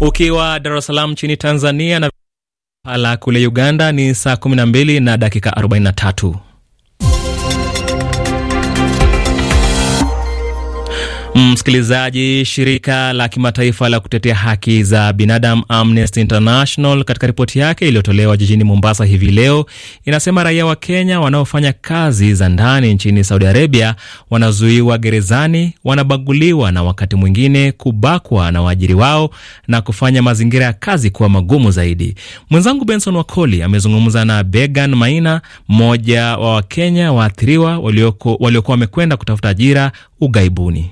Ukiwa Dar es Salaam nchini Tanzania na pala kule Uganda ni saa 12 na dakika 43. Msikilizaji, shirika la kimataifa la kutetea haki za binadamu Amnesty International katika ripoti yake iliyotolewa jijini Mombasa hivi leo inasema raia wa Kenya wanaofanya kazi za ndani nchini Saudi Arabia wanazuiwa gerezani, wanabaguliwa na wakati mwingine kubakwa na waajiri wao na kufanya mazingira ya kazi kuwa magumu zaidi. Mwenzangu Benson Wakoli amezungumza na Began Maina, mmoja wa Wakenya waathiriwa waliokuwa wamekwenda kutafuta ajira ughaibuni.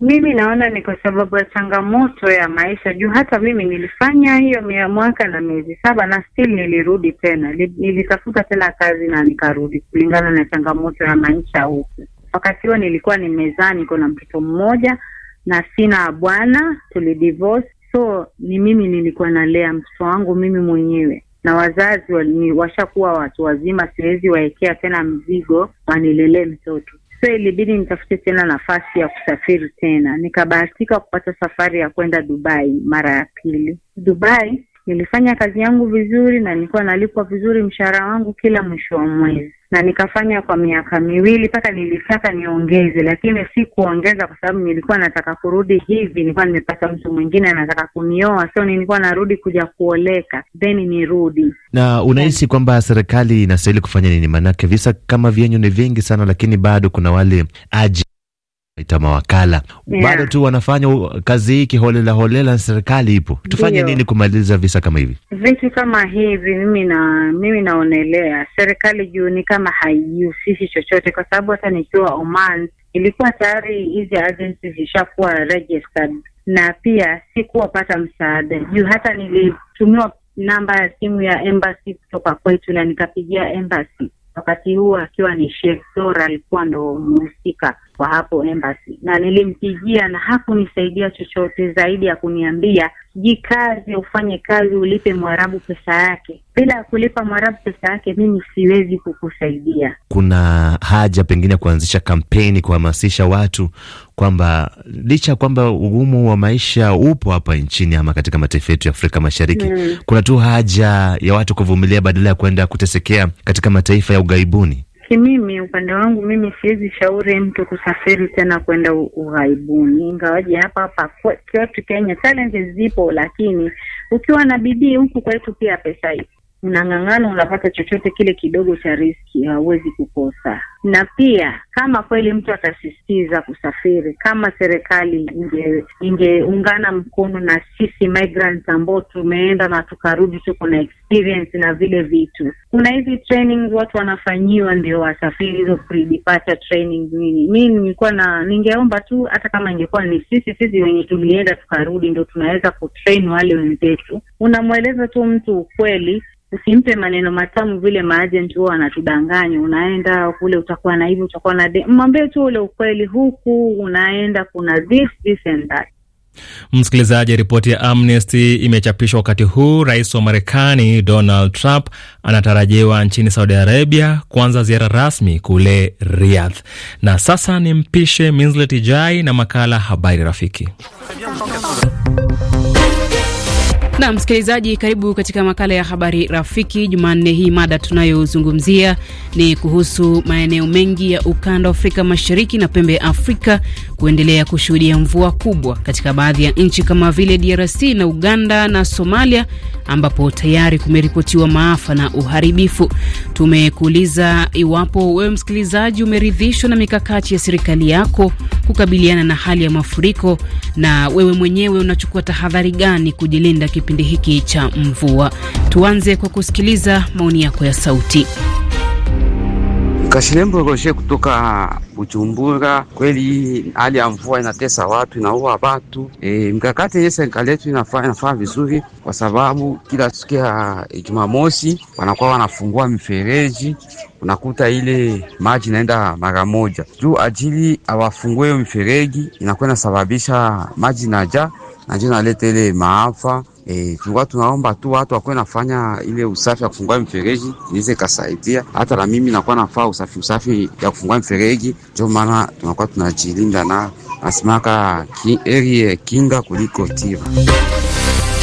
Mimi naona ni kwa sababu ya changamoto ya maisha, juu hata mimi nilifanya hiyo mia mwaka na miezi saba na still nilirudi tena, nilitafuta tena kazi na nikarudi, kulingana na changamoto ya maisha huku. Wakati huo nilikuwa ni mezani niko na mtoto mmoja na sina bwana, tulidivorce. So ni mimi nilikuwa nalea mtoto wangu mimi mwenyewe na wazazi washakuwa watu wazima, siwezi waekea tena mzigo wanilelee mtoto so ilibidi nitafute tena nafasi ya kusafiri tena. Nikabahatika kupata safari ya kwenda Dubai mara ya pili. Dubai nilifanya kazi yangu vizuri na nilikuwa nalipwa vizuri mshahara wangu kila mwisho wa mwezi na nikafanya kwa miaka miwili mpaka nilitaka niongeze, lakini si kuongeza kwa sababu nilikuwa nataka kurudi hivi, nilikuwa nimepata mtu mwingine anataka kunioa, so nilikuwa narudi kuja kuoleka then nirudi. Na unahisi kwamba serikali inastahili kufanya nini? Maanake visa kama vyenyu ni vingi sana, lakini bado kuna wale aji ita mawakala yeah, bado tu wanafanya kazi hii kiholela holela na serikali ipo. Tufanye nini kumaliza visa kama hivi? Vitu kama hivi mimi na mimi naonelea serikali juu ni kama haijihusishi chochote, kwa sababu hata nikiwa Oman ilikuwa tayari hizi agency zishakuwa registered, na pia sikuwapata msaada juu hata nilitumiwa namba ya simu ya embassy kutoka kwetu na nikapigia embassy wakati huo akiwa ni Sheikh Dora alikuwa ndo mhusika kwa hapo embassy, na nilimpigia na hakunisaidia chochote zaidi ya kuniambia ji kazi ufanye kazi, ulipe mwarabu pesa yake. Bila ya kulipa mwarabu pesa yake, mimi siwezi kukusaidia. Kuna haja pengine ya kuanzisha kampeni kuhamasisha watu kwamba licha ya kwamba ugumu wa maisha upo hapa nchini ama katika mataifa yetu ya Afrika Mashariki hmm, kuna tu haja ya watu kuvumilia badala ya kuenda kutesekea katika mataifa ya ughaibuni mimi upande wangu mimi siwezi shauri mtu kusafiri tena kwenda ughaibuni, ingawaje hapa hapa kwetu Kenya challenges zipo, lakini ukiwa na bidii huku kwetu pia pesa ipo unang'ang'ana, unapata chochote kile kidogo cha riski, hauwezi kukosa. Na pia kama kweli mtu atasistiza kusafiri, kama serikali ingeungana mkono na sisi migrants ambao tumeenda na tukarudi, tuko na experience na vile vitu. Kuna hizi training watu wanafanyiwa ndio wasafiri, hizo pre training nini. Mi nilikuwa na ningeomba tu, hata kama ingekuwa ni sisi sisi wenye tulienda tukarudi, ndo tunaweza kutrain wale wenzetu. Unamweleza tu mtu ukweli usimpe maneno matamu vile maajenti huwa wanatudanganya, unaenda kule utakuwa na hivi, utakuwa na mwambie tu ule ukweli, huku unaenda kuna this this and that. Msikilizaji, ripoti ya Amnesty imechapishwa wakati huu rais wa Marekani Donald Trump anatarajiwa nchini Saudi Arabia kuanza ziara rasmi kule Riyadh. Na sasa ni mpishe Minslet Jai na makala Habari Rafiki. Na msikilizaji, karibu katika makala ya habari rafiki Jumanne hii. Mada tunayozungumzia ni kuhusu maeneo mengi ya ukanda wa Afrika Mashariki na pembe ya Afrika kuendelea kushuhudia mvua kubwa katika baadhi ya nchi kama vile DRC na Uganda na Somalia, ambapo tayari kumeripotiwa maafa na uharibifu. Tumekuuliza iwapo wewe msikilizaji umeridhishwa na mikakati ya serikali yako kukabiliana na hali ya mafuriko, na wewe mwenyewe unachukua tahadhari gani kujilinda kipindi hiki cha mvua. Tuanze kwa kusikiliza maoni yako ya sauti. Kashilembo Roger kutoka Bujumbura. Kweli hali ya mvua inatesa watu, inaua watu. E, mkakati yenye serikali yetu inafaa inafaa vizuri, kwa sababu kila siku ya Jumamosi wanakuwa wanafungua mifereji, unakuta ile maji inaenda mara moja juu, ajili awafungue hiyo mifereji inakuwa inasababisha maji naja na ndio naleta ile maafa E, tulikuwa tunaomba tu watu wakuwe nafanya ile usafi ya kufungua mfereji niweze kasaidia. Hata na mimi nakuwa nafaa usafi usafi ya kufungua mfereji ndio maana tunakuwa tunajilinda na asimaka ki, kinga kuliko tiba.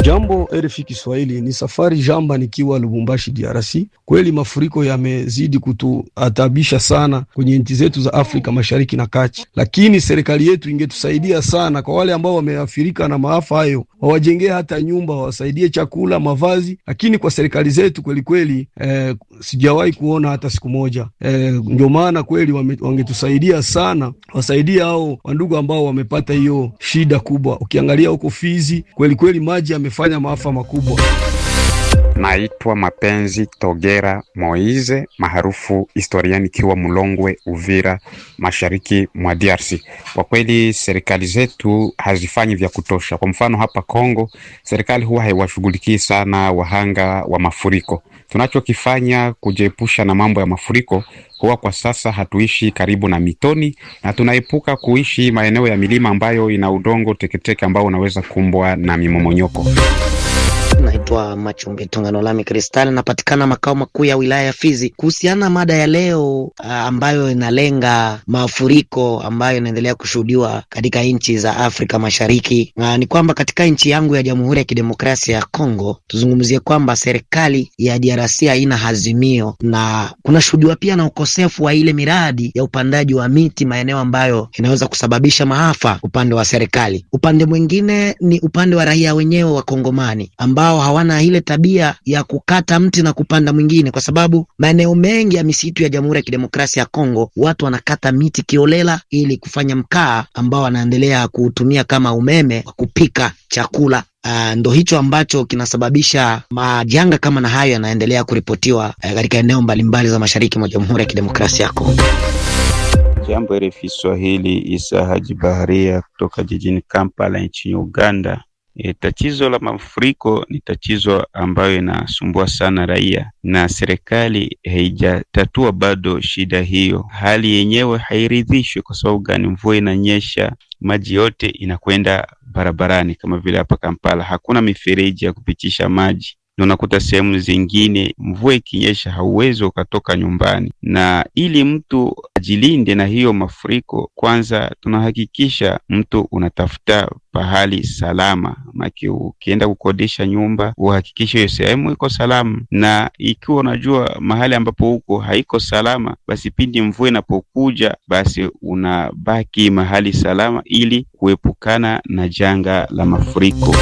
Jambo RFI Kiswahili, ni safari jamba nikiwa Lubumbashi, DRC. Kweli mafuriko yamezidi kutuatabisha sana kwenye nchi zetu za Afrika Mashariki na Kati, lakini serikali yetu ingetusaidia sana. Kwa wale ambao wameathirika na maafa hayo, wawajengee hata nyumba, wawasaidie chakula, mavazi. Lakini kwa serikali zetu kwelikweli, eh, sijawahi kuona hata siku moja e, ndio maana kweli wame, wangetusaidia sana, wasaidia hao wandugu ambao wamepata hiyo shida kubwa. Ukiangalia huko Fizi kweli kweli maji yamefanya maafa makubwa. Naitwa Mapenzi Togera Moize maarufu historia, nikiwa Mlongwe, Uvira, mashariki mwa DRC. Kwa kweli serikali zetu hazifanyi vya kutosha. Kwa mfano hapa Kongo, serikali huwa haiwashughulikii sana wahanga wa mafuriko. Tunachokifanya kujiepusha na mambo ya mafuriko, huwa kwa sasa hatuishi karibu na mitoni na tunaepuka kuishi maeneo ya milima ambayo ina udongo teketeke ambao unaweza kumbwa na mimomonyoko naitwa Machumbi Tungano lami Kristali, napatikana makao makuu ya wilaya ya Fizi. Kuhusiana na mada ya leo uh, ambayo inalenga mafuriko ambayo inaendelea kushuhudiwa katika nchi za Afrika Mashariki, uh, ni kwamba katika nchi yangu ya Jamhuri ya Kidemokrasia ya Kongo, tuzungumzie kwamba serikali ya DRC haina hazimio na kunashuhudiwa pia na ukosefu wa ile miradi ya upandaji wa miti maeneo ambayo inaweza kusababisha maafa upande wa serikali. Upande mwingine ni upande wa raia wenyewe wa Kongomani ambao hawa wana ile tabia ya kukata mti na kupanda mwingine, kwa sababu maeneo mengi ya misitu ya Jamhuri ya Kidemokrasia ya Kongo watu wanakata miti kiolela ili kufanya mkaa ambao wanaendelea kuutumia kama umeme wa kupika chakula. Uh, ndo hicho ambacho kinasababisha majanga kama na hayo yanaendelea kuripotiwa uh, katika eneo mbalimbali za mashariki mwa Jamhuri ya Kidemokrasia ya Kongo. Jambo RFI Swahili, Isa Haji Baharia kutoka jijini Kampala nchini Uganda. E, tatizo la mafuriko ni tatizo ambayo inasumbua sana raia na serikali haijatatua bado shida hiyo. Hali yenyewe hairidhishwi. Kwa sababu gani? Mvua inanyesha, maji yote inakwenda barabarani. Kama vile hapa Kampala hakuna mifereji ya kupitisha maji, na unakuta sehemu zingine mvua ikinyesha hauwezi ukatoka nyumbani. Na ili mtu ajilinde na hiyo mafuriko, kwanza tunahakikisha mtu unatafuta pahali salama, maki ukienda kukodisha nyumba uhakikishe hiyo sehemu iko salama, na ikiwa unajua mahali ambapo huko haiko salama, basi pindi mvua inapokuja, basi unabaki mahali salama ili kuepukana na janga la mafuriko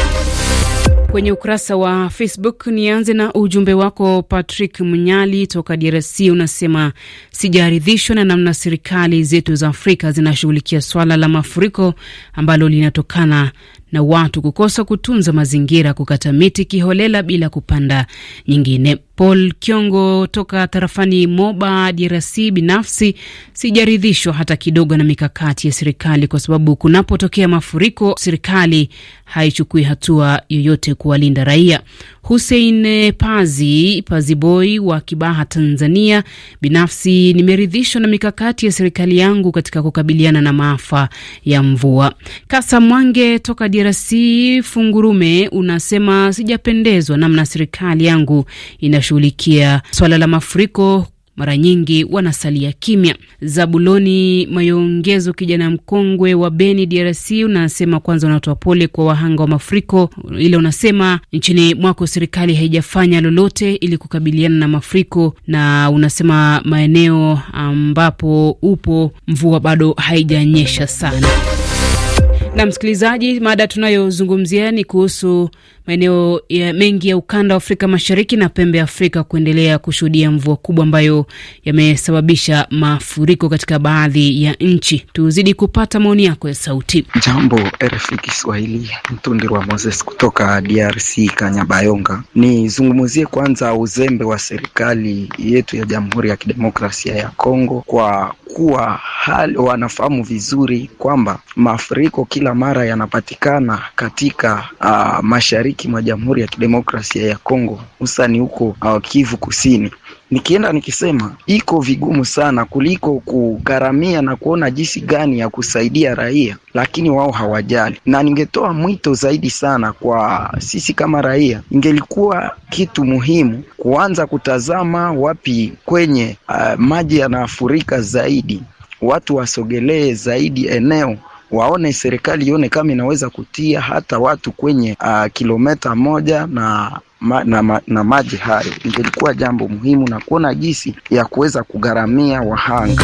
kwenye ukurasa wa Facebook. Nianze na ujumbe wako Patrick Mnyali toka DRC, unasema sijaridhishwa na namna serikali zetu za Afrika zinashughulikia swala la mafuriko ambalo linatokana na watu kukosa kutunza mazingira, kukata miti kiholela bila kupanda nyingine. Paul Kiongo toka tarafani Moba, DRC: binafsi sijaridhishwa hata kidogo na mikakati ya serikali, kwa sababu kunapotokea mafuriko serikali haichukui hatua yoyote kuwalinda raia. Hussein Pazi Paziboi wa Kibaha, Tanzania. Binafsi nimeridhishwa na mikakati ya serikali yangu katika kukabiliana na maafa ya mvua. Kasa Mwange toka DRC Fungurume unasema sijapendezwa namna serikali yangu inashughulikia swala la mafuriko mara nyingi wanasalia kimya. Zabuloni Mayongezo, kijana mkongwe wa Beni, DRC, unasema kwanza unatoa pole kwa wahanga wa mafuriko, ila unasema nchini mwako serikali haijafanya lolote ili kukabiliana na mafuriko, na unasema maeneo ambapo upo mvua bado haijanyesha sana. Na msikilizaji, mada tunayozungumzia ni kuhusu maeneo ya mengi ya ukanda wa Afrika Mashariki na pembe ya Afrika kuendelea kushuhudia mvua kubwa ambayo yamesababisha mafuriko katika baadhi ya nchi. Tuzidi kupata maoni yako ya sauti. Jambo RFI Kiswahili, Mtundirwa Moses kutoka DRC Kanyabayonga. Nizungumzie kwanza uzembe wa serikali yetu ya Jamhuri ya Kidemokrasia ya Kongo kwa kuwa hali wanafahamu vizuri kwamba mafuriko kila mara yanapatikana katika uh, mashariki mashariki mwa Jamhuri ya Kidemokrasia ya Kongo, hususani huko uh, Kivu Kusini. Nikienda nikisema iko vigumu sana kuliko kugharamia na kuona jinsi gani ya kusaidia raia, lakini wao hawajali. Na ningetoa mwito zaidi sana kwa sisi kama raia, ingelikuwa kitu muhimu kuanza kutazama wapi kwenye uh, maji yanafurika zaidi, watu wasogelee zaidi eneo waone serikali ione kama inaweza kutia hata watu kwenye uh, kilometa moja na Ma, na, na maji hayo ingelikuwa jambo muhimu na kuona jinsi ya kuweza kugharamia wahanga.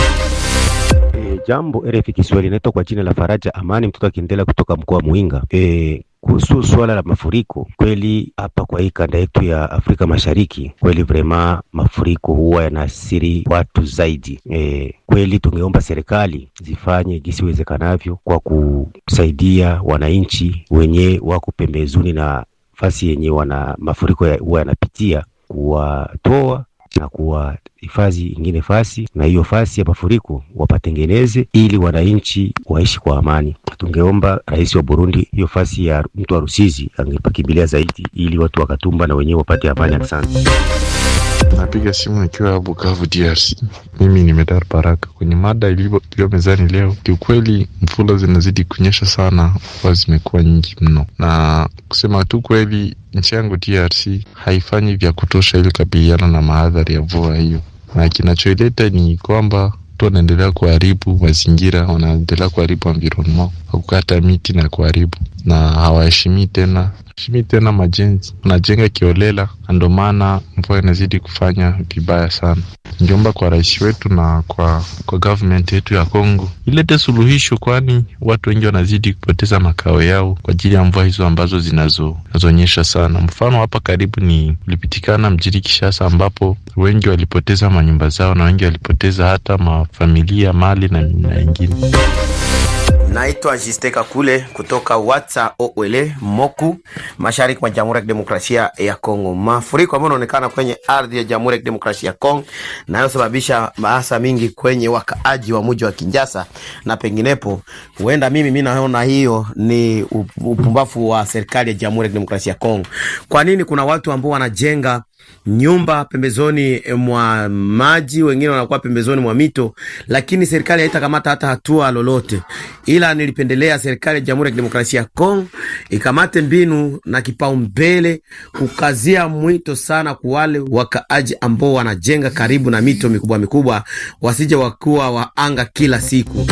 E, jambo RFI Kiswahili inaitwa kwa jina la Faraja Amani, mtoto akiendelea kutoka mkoa wa Muinga. E, eh, kuhusu suala la mafuriko, kweli hapa kwa hii kanda yetu ya Afrika Mashariki, kweli vrema mafuriko huwa yanaathiri watu zaidi. E, kweli tungeomba serikali zifanye gisi iwezekanavyo kwa kusaidia wananchi wenye wako pembezoni na fasi yenye wana mafuriko huwa ya, yanapitia kuwatoa na kuwa hifadhi ingine fasi, na hiyo fasi ya mafuriko wapatengeneze ili wananchi waishi kwa amani. Tungeomba rais wa Burundi hiyo fasi ya mtu wa Rusizi angepakimbilia zaidi, ili watu wakatumba na wenyewe wapate amani. Asante. Napiga simu nikiwa Bukavu, DRC. Mimi ni Medar Baraka. Kwenye mada iliyo mezani leo, kiukweli mvula zinazidi kunyesha sana, mvua zimekuwa nyingi mno, na kusema tu kweli, nchi yangu DRC haifanyi vya kutosha ili kabiliana na maadhari ya mvua hiyo, na kinachoileta ni kwamba watu wanaendelea kuharibu mazingira, wanaendelea kuharibu environment kwa kukata miti na kuharibu na hawaheshimii tena heshimi tena majenzi, wanajenga kiolela, na ndio maana mvua inazidi kufanya vibaya sana. Ningeomba kwa rais wetu na kwa, kwa government yetu ya Kongo ilete suluhisho, kwani watu wengi wanazidi kupoteza makao yao kwa ajili ya mvua hizo ambazo zinazoonyesha sana. Mfano hapa karibu ni ulipitikana mjini Kishasa, ambapo wengi walipoteza manyumba zao na wengi walipoteza hata mafamilia, mali na mingine. Naitwa Jiste Kule kutoka Watsa Owele Moku, mashariki mwa Jamhuri ya Kidemokrasia ya Kongo. Mafuriko ambayo yanaonekana kwenye ardhi ya Jamhuri ya Kidemokrasia ya Kongo nayosababisha maasa mingi kwenye wakaaji wa mji wa Kinjasa na penginepo. Huenda mimi mi naona hiyo ni upumbavu wa serikali ya Jamhuri ya Kidemokrasia ya Kongo. Kwa nini kuna watu ambao wanajenga nyumba pembezoni eh, mwa maji, wengine wanakuwa pembezoni mwa mito, lakini serikali haitakamata hata hatua lolote. Ila nilipendelea serikali ya Jamhuri ya Kidemokrasia ya Kongo ikamate mbinu na kipaumbele kukazia mwito sana wale wakaaji ambao wanajenga karibu na mito mikubwa mikubwa, wasije wakuwa waanga kila siku.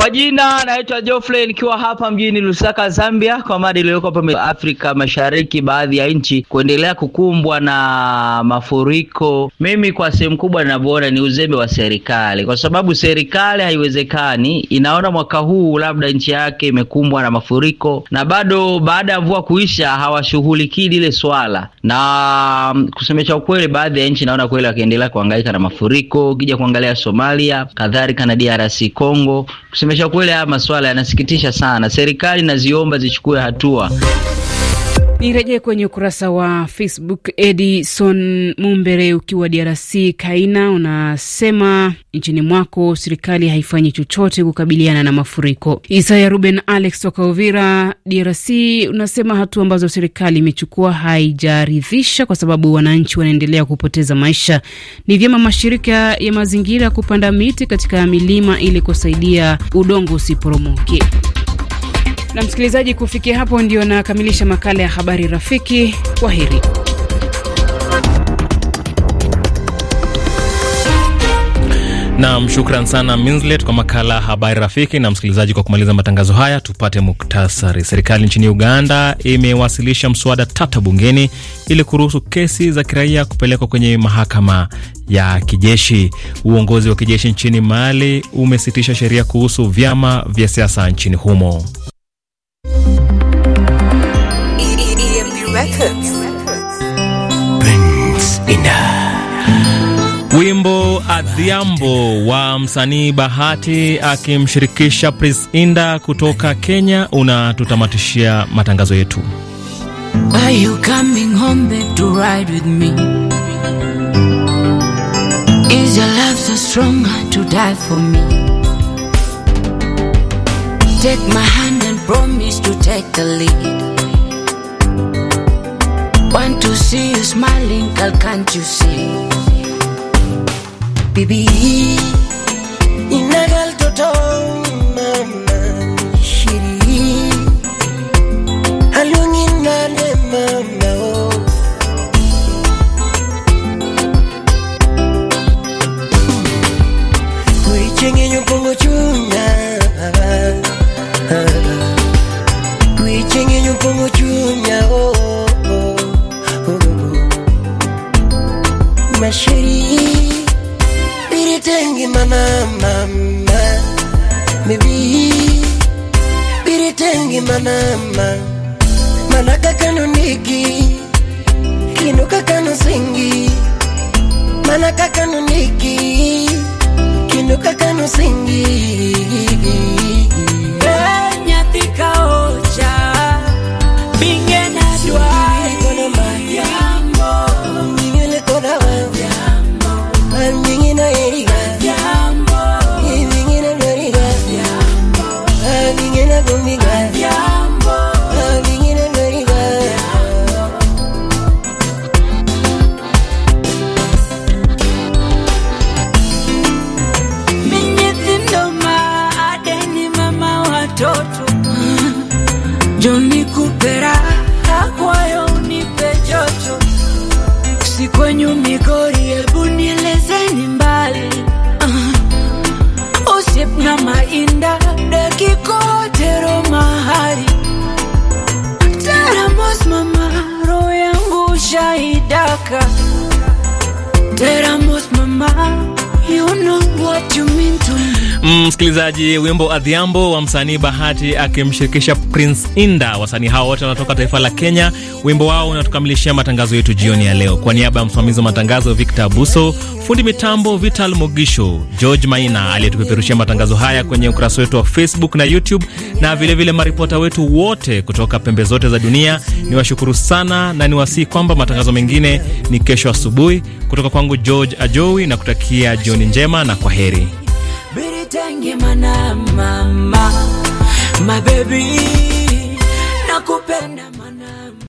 Kwa jina naitwa Geoffrey nikiwa hapa mjini Lusaka, Zambia, kwa mada iliyoko hapa Afrika Mashariki, baadhi ya nchi kuendelea kukumbwa na mafuriko. Mimi kwa sehemu kubwa ninavyoona ni uzembe wa serikali, kwa sababu serikali haiwezekani inaona mwaka huu labda nchi yake imekumbwa na mafuriko, na bado baada ya mvua kuisha hawashughulikii lile swala, na mm, kusemesha ukweli, baadhi ya nchi naona kweli wakiendelea kuhangaika na mafuriko, ukija kuangalia Somalia kadhalika na DRC Congo kusema nimeshakuelewa, haya maswala yanasikitisha sana. Serikali naziomba zichukue hatua. Nirejee kwenye ukurasa wa Facebook. Edison Mumbere ukiwa DRC Kaina unasema nchini mwako serikali haifanyi chochote kukabiliana na mafuriko. Isaya Ruben Alex toka Uvira DRC unasema hatua ambazo serikali imechukua haijaridhisha kwa sababu wananchi wanaendelea kupoteza maisha. Ni vyema mashirika ya mazingira kupanda miti katika milima ili kusaidia udongo usiporomoke. Na msikilizaji, kufikia hapo ndio nakamilisha makala ya habari rafiki. Kwa heri. Nam, shukran sana Minslet kwa makala habari rafiki. Na msikilizaji, kwa kumaliza matangazo haya, tupate muktasari. Serikali nchini Uganda imewasilisha mswada tata bungeni ili kuruhusu kesi za kiraia kupelekwa kwenye mahakama ya kijeshi. Uongozi wa kijeshi nchini Mali umesitisha sheria kuhusu vyama vya siasa nchini humo. Ina. Wimbo Adhiambo wa msanii Bahati akimshirikisha Prince Inda kutoka Kenya unatutamatishia matangazo yetu. Are you coming home back to ride with me? Is your love so strong to die for me? Take my hand and promise to take the lead. want to see you smiling, girl, can't you see? Bibi, inagal toto mama shiri, alungin nane mama oh. Kuichengenyo pongo chu Joni kupera akwayo unipe chocho si kwenyu migori, ebu nielezeni mbali uh, usip na mainda dakikote romahari teramos mama roho yangu shaidaka teramos mama you know what you mean Mm, msikilizaji, wimbo Adhiambo wa msanii Bahati akimshirikisha Prince Inda. Wasanii hao wote wanatoka taifa la Kenya. Wimbo wao unatukamilishia matangazo yetu jioni ya leo. Kwa niaba ya msimamizi wa matangazo Victor Abuso, fundi mitambo Vital mogisho George Maina aliyetupeperushia matangazo haya kwenye ukurasa wetu wa Facebook na YouTube, na vilevile maripota wetu wote kutoka pembe zote za dunia, ni washukuru sana na niwasihi kwamba matangazo mengine ni kesho asubuhi. Kutoka kwangu George Ajowi na kutakia jioni njema na kwa heri nitenge mama mabebi nakupenda